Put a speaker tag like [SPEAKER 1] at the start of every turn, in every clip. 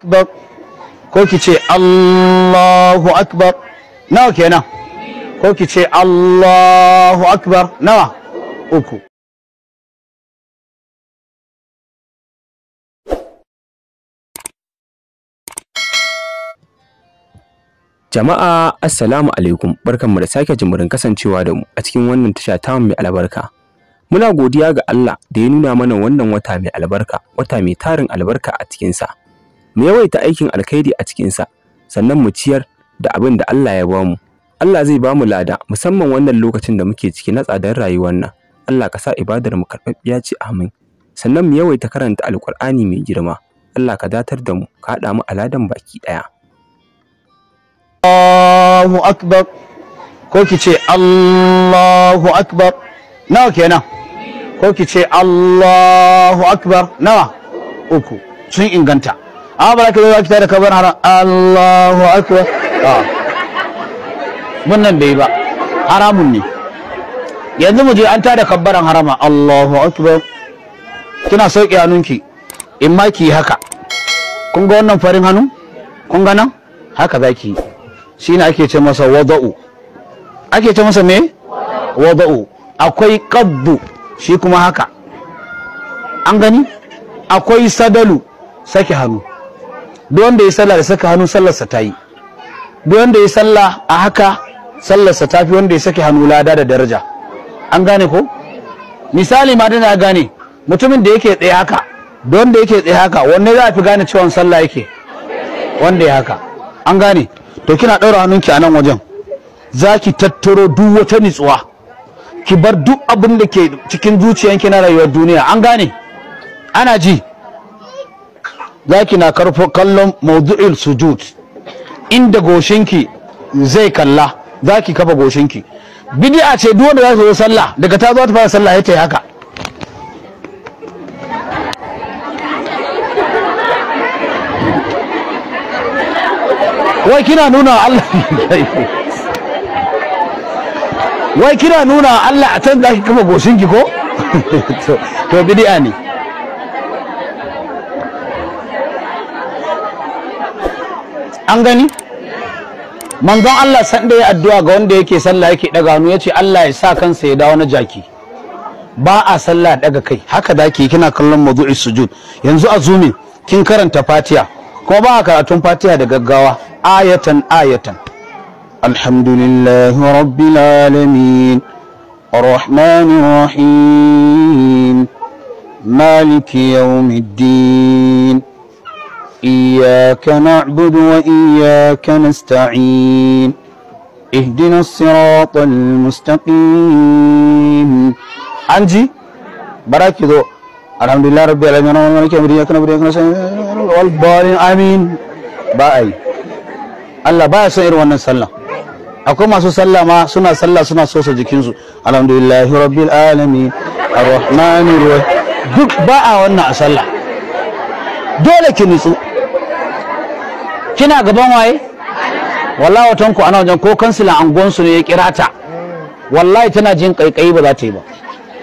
[SPEAKER 1] akbar ko ki ce Allahu akbar nawa kenan ko ki ce Allahu akbar nawa uku Jama'a assalamu alaikum barkanmu da sake murin kasancewa da mu a cikin wannan tasha ta mai albarka Muna godiya ga Allah da ya nuna mana wannan wata mai albarka wata mai tarin albarka a cikinsa mu yawaita aikin alkhairi a cikinsa sannan mu ciyar da abin da Allah ya bamu Allah zai bamu lada musamman wannan lokacin da muke ciki na tsadar rayuwar nan Allah ka sa ibadar mu karɓaɓɓiya ce amin sannan mu yawaita karanta alkur'ani mai girma Allah ka datar da mu ka haɗa mu aladan baki ɗaya Allahu akbar ko ki ce Allahu akbar nawa kenan ko ki ce Allahu akbar nawa uku sun inganta amma ah, ba za ka zo ka fita da kabar haram Allahu akbar ah. nan bai ba haramun ne yanzu mu je an tada kabbaran harama Allahu akbar kina sauke hannunki in ma ki haka kun ga wannan farin hannu kun ga nan haka za Shi ne ake ce masa wada'u ake ce masa me wada'u akwai qabbu shi kuma haka an gani akwai sadalu saki hannu duk wanda ya sallah da saka hannu sallarsa ta yi duk wanda ya sallah a haka sallarsa ta fi wanda ya saki hannu lada da daraja an gane ko misali ma dana gane mutumin da yake tsaye haka da wanda yake tsaye haka wanne za a fi gane cewa sallah yake wanda ya haka an gane to kina ɗaura hannunki a nan wajen za ki tattaro duk wata nitsuwa ki bar duk abin da ke cikin zuciyanki na rayuwar duniya an gane ana ji zaki na karfo kallon maudu'il sujud inda goshinki zai kalla zaki kafa goshinki bid'a ce duk wanda za zo sallah daga ta zo ta fara sallah ya ta haka wai kina nuna Allah wai kina nuna Allah a can zaki kafa goshinki ko to bid'a ne an gani manzon Allah san da ya addu'a ga wanda yake sallah yake daga hannu yace Allah ya sa kansa ya dawo na jaki ba a sallah daga kai haka da ke kina kallon mazu'i sujud yanzu a zumi kin karanta fatiha ko ba a karatun fatiha da gaggawa ayatan ayatan alhamdulillahi rabbil alamin arrahmanir rahim maliki yawmiddin إياك نعبد وإياك نستعين اهدنا الصراط المستقيم أنجي براك ذو الحمد لله رب العالمين مالك يوم الدين إياك نعبد والضالين آمين باي Allah baya son irin wannan sallah akwai masu sallah ma suna sallah suna sosa jikinsu alhamdulillahi rabbil alamin arrahmanir rahim duk ba a wannan sallah dole ki nutsu kina gaban waye wallahi watan ku ana wajen ko kansila angon su ne ya kira ta wallahi tana jin kaikayi ba za ta yi ba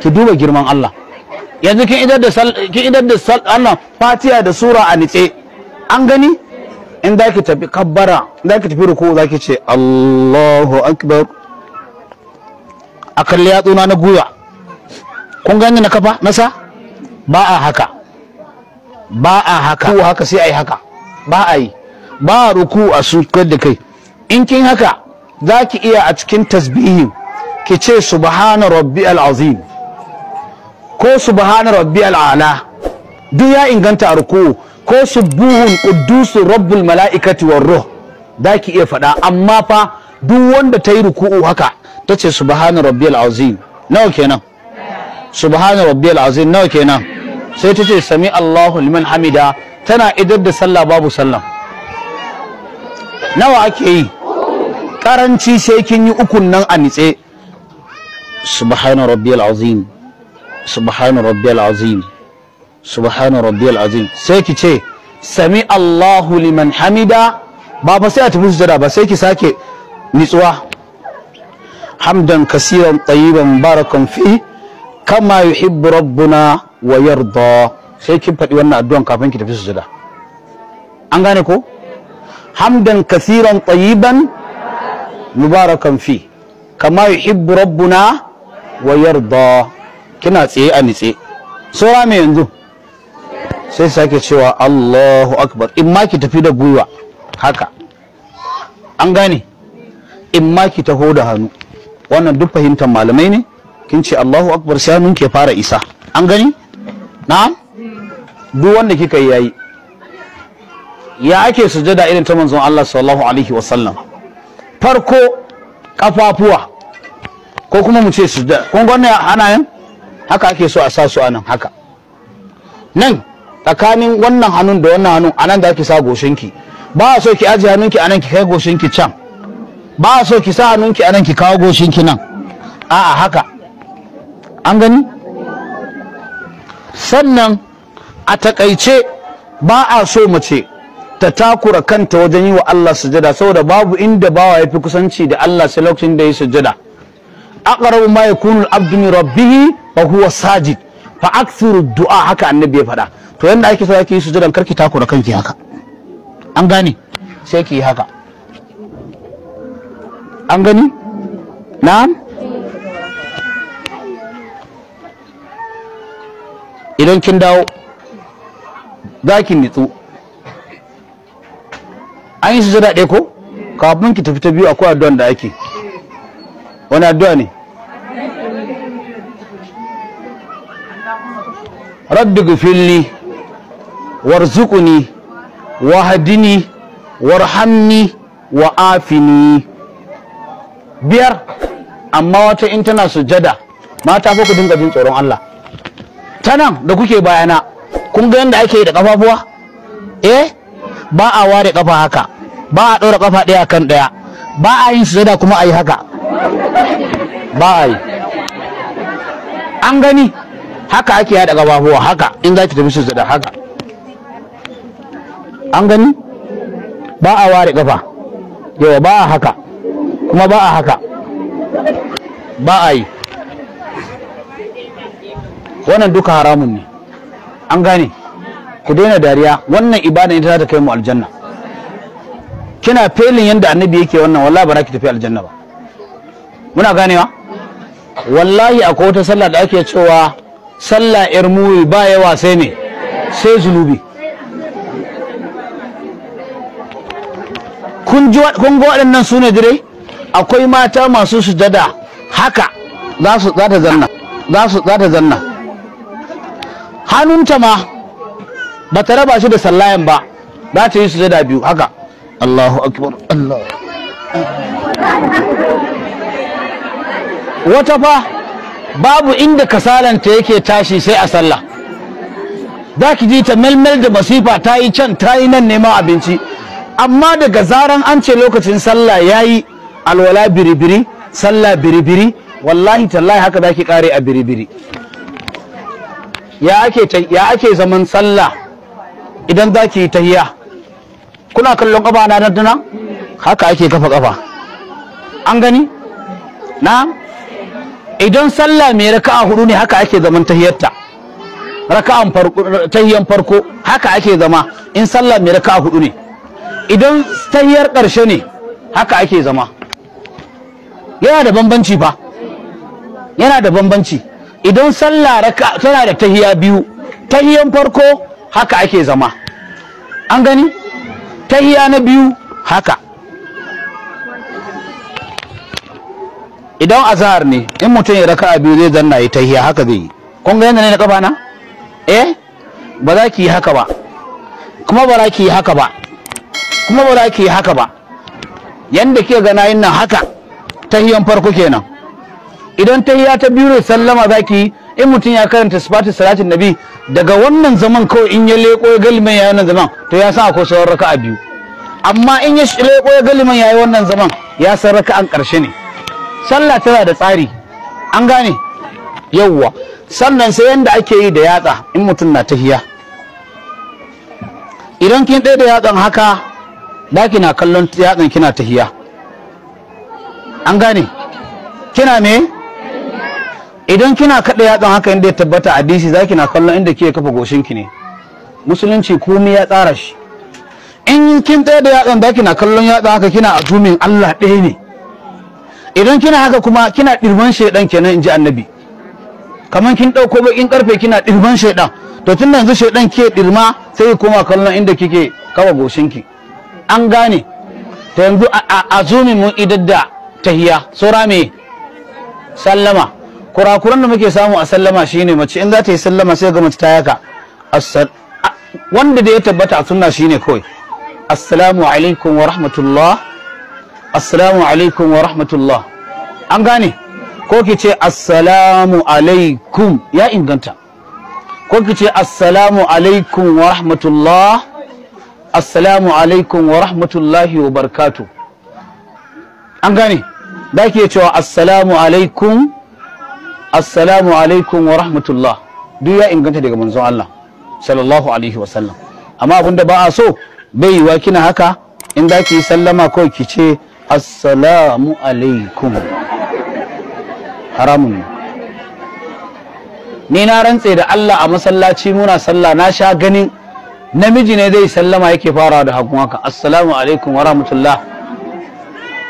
[SPEAKER 1] ki duba girman Allah yanzu kin idar da kin idar da Allah Fatiha da sura a nitse an gani in da ki tafi kabbara in da ki tafi ruku za ki ce Allahu akbar a kalli yatsuna na guya kun gani na kafa nasa ba a haka ba a haka ko haka sai ai haka ba a yi ba ruku a su da kai in kin haka za ki iya a cikin tasbihi ki ce subhana Rabbi al'azim! ko subhana Rabbi al'ana! duk ya inganta a ruku ko subuhun quddus rabbul malaikati war ruh za ki iya faɗa amma fa duk wanda ta yi ruku'u haka ta ce subhana Rabbi al'azim! nawa kenan subhana Rabbi al'azim! nawa kenan sai ta ce sami Allahu liman hamida tana idar da sallah babu sallah nawa ake yi karanci sai kin yi ukun nan a nitse subhana rabbiyal azim subhana rabbiyal azim subhana rabbiyal azim sai ki ce sami Allahu liman hamida ba fa sai a tafi sujada ba sai ki sake nitsuwa hamdan kasiran tayyiban barakan fi kama yuhibbu rabbuna wa yarda sai kin faɗi wannan addu'an kafin ki tafi sujada an gane ko hamdan kasiran tsayiban mubarakan fi kama yuhibbu rabbuna wa yarda kina tsaye a nitse saura mai yanzu sai sake cewa Allahu akbar in ma ki tafi da gwiwa haka an gane in ma ki taho da hannu wannan duk fahimtar malamai ne kin ce Allahu akbar sai hannun ke fara isa an gani Na. duk wanda kika yi yayi ya ake sujada irin ta manzon Allah sallallahu alaihi wasallam farko kafafuwa ko kuma mu ce sujada kun ana yin? haka ake so a sa su anan haka nan tsakanin wannan hannun da wannan hannun anan da ake sa goshinki ba a so ki aje hannunki anan ki kai goshinki can ba a so ki sa hannunki anan ki kawo goshinki nan a'a haka an gani sannan a takaice ba a so mace ta takura kanta wajen yi wa Allah sujada saboda babu inda bawa ya fi kusanci da Allah sai lokacin da ya sujada aqrabu ma yakunu al-abdu min rabbih wa huwa sajid fa akthiru du'a haka annabi ya faɗa to yanda ake so ake yi sujada karki takura kanki haka an gane sai ki haka an gani na'am idan kin dawo za nitsu an yi sujada ɗaya ko kafin ki tafi ta biyu akwai addu'an da ake wani addu'a ne raddu gufilli warzuquni wahadini warhamni wa afini biyar amma wata in tana sujada mata fa ku dinga jin tsoron Allah ta nan da kuke bayana kun ga yadda ake yi da kafafuwa eh ba a ware ƙafa haka ba a ɗora ƙafa ɗaya kan ɗaya ba a yin sujada kuma a yi haka ba a yi an gani haka ake yada gabahuwa haka in za ki tafi sujada haka an gani ba a ware ƙafa. yawa ba a haka kuma ba a haka ba a yi wannan duka haramun ne an gane ku daina dariya wannan ibada ita za ta kai mu aljanna kina felin yanda annabi yake wannan wallahi ba za ki tafi aljanna ba muna ganewa wallahi akwai wata sallah da ake cewa sallah irmuwi ba yawa sai ne sai zunubi kun ga waɗannan su dire akwai mata masu sujada haka za su za ta zanna za su za ta zanna hannunta ma ba ta raba shi da sallayan ba za ta yi sujada biyu haka Allahu wata fa babu inda kasalanta yake tashi sai a sallah za ki ji ta melmel da masifa ta yi can ta yi nan neman abinci amma daga zaran an ce lokacin sallah ya yi alwala biribiri sallah biribiri wallahi tallahi haka za ki kare a biribiri ya ake zaman sallah idan za ki yi tahiya kuna kallon kafa na daddana haka ake kafa kafa an gani na idan sallah mai raka'a hudu ne haka ake zaman tahiyarta raka'an farko tahiyan farko haka ake zama in sallah mai raka'a hudu ne idan tahiyar karshe ne haka ake zama yana da bambanci fa yana da bambanci idan sallah raka tana da tahiya biyu tahiyan farko haka ake zama an gani tahiya na biyu haka idan azhar ne in mutum ya raka a biyu zai zanna ya tahiya haka zai yi kun ga yanda ne na kafa na eh ba za ki yi haka ba kuma ba za ki yi haka ba kuma ba za ki yi haka ba yanda ke ga nayin nan haka tahiyan farko kenan idan ta ya ta biyu sallama zaki in mutum ya karanta sifatu salatin nabi daga wannan zaman kawai in ya leko ya galiman yayi wannan zaman to ya san akwai sauran raka'a biyu amma in ya leko ya galiman yayi wannan zaman ya san raka'an karshe ne sallah tana da tsari an gane yawwa sannan sai yanda ake yi da yatsa in mutum na tahiya idan kin ɗaya da yatsan haka da kina kallon yatsan kina tahiya an gane kina me idan kina kada yatsan haka inda ya tabbata hadisi zaki na kallon inda kike kafa goshinki ne musulunci komai ya tsara shi in kin tsaya da yatsan zaki na kallon yatsan haka kina azumin Allah ɗaya ne idan kina haka kuma kina dirman shaidan kenan inji annabi kamar kin ɗauko bakin karfe kina dirman shaidan to tun yanzu shaidan ke dirma sai kuma kallon inda kike kafa goshinki an gane ta yanzu a azumin mun da tahiya sura me sallama kurakuran da muke samu a sallama shine mace in za ta yi sallama sai ga mace ta yaka wanda da ya tabbata a sunna shine kawai assalamu alaikum wa rahmatullah assalamu alaikum wa rahmatullah an gane ko ki ce assalamu alaikum ya inganta ko ki ce assalamu alaikum wa rahmatullah assalamu alaikum wa rahmatullahi wa barkatu an gane da ke cewa assalamu alaikum assalamu alaikum wa rahmatullah duk ya inganta daga manzon Allah sallallahu alaihi wa sallam amma abinda ba a so bai yiwa kina haka in za ki yi sallama ko ki ce assalamu alaikum haramun ni na rantse da Allah a masallaci muna sallah na sha ganin namiji ne zai sallama yake farawa da hagun haka assalamu alaikum wa rahmatullah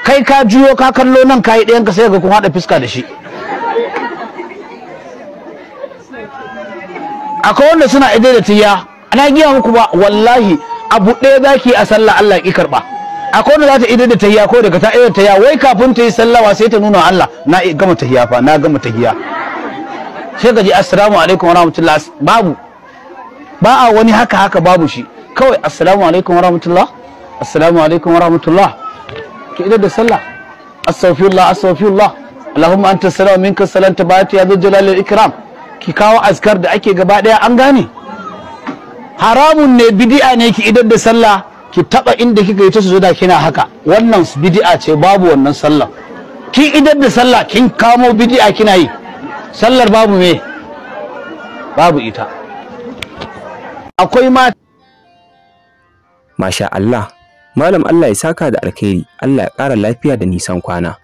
[SPEAKER 1] kai ka juyo ka kallo nan kayi ɗayan ka sai ga kun haɗa fiska da shi akwai wanda suna ida da tiya ana giya muku ba wallahi abu ɗaya zaki a sallah Allah ki karba akwai wanda za ta ida da tiya ko daga ta ida tiya wai kafin ta yi sallawa sai ta nuna Allah na gama tiya fa na gama tiya sai ka ji assalamu alaikum rahmatullah. babu ba a wani haka haka babu shi kawai assalamu alaikum rahmatullah. assalamu alaikum rahmatullah. ki ida da sallah astaghfirullah astaghfirullah اللهم انت السلام منك السلام تبارك يا ذو الجلال والاكرام ki kawo askar da ake gaba daya an gane haramun ne bid'a ne ki idar da sallah ki taba inda kika yi ta su da kina haka wannan bid'a ce babu wannan sallah ki idar da sallah kin kamo bid'a kina yi sallar babu me babu ita akwai ma masha Allah malam Allah ya saka da alkhairi Allah ya ƙara lafiya da nisan kwana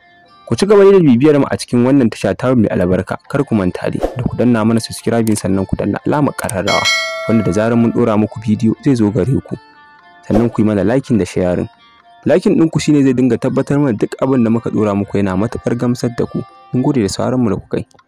[SPEAKER 1] Ku ci gaba da bibiyar mu a cikin wannan tasha ta mai albarka. Kar ku manta dai da ku danna mana subscribing sannan ku danna alamar kararrawa wanda da zarar mun dora muku bidiyo zai zo gare ku. Sannan ku yi mana liking da sharing. Liking shi shine zai dinga tabbatar mana duk abin da muka dora muku yana matakar gamsar da ku. Mun gode da sauraron mu da ku kai.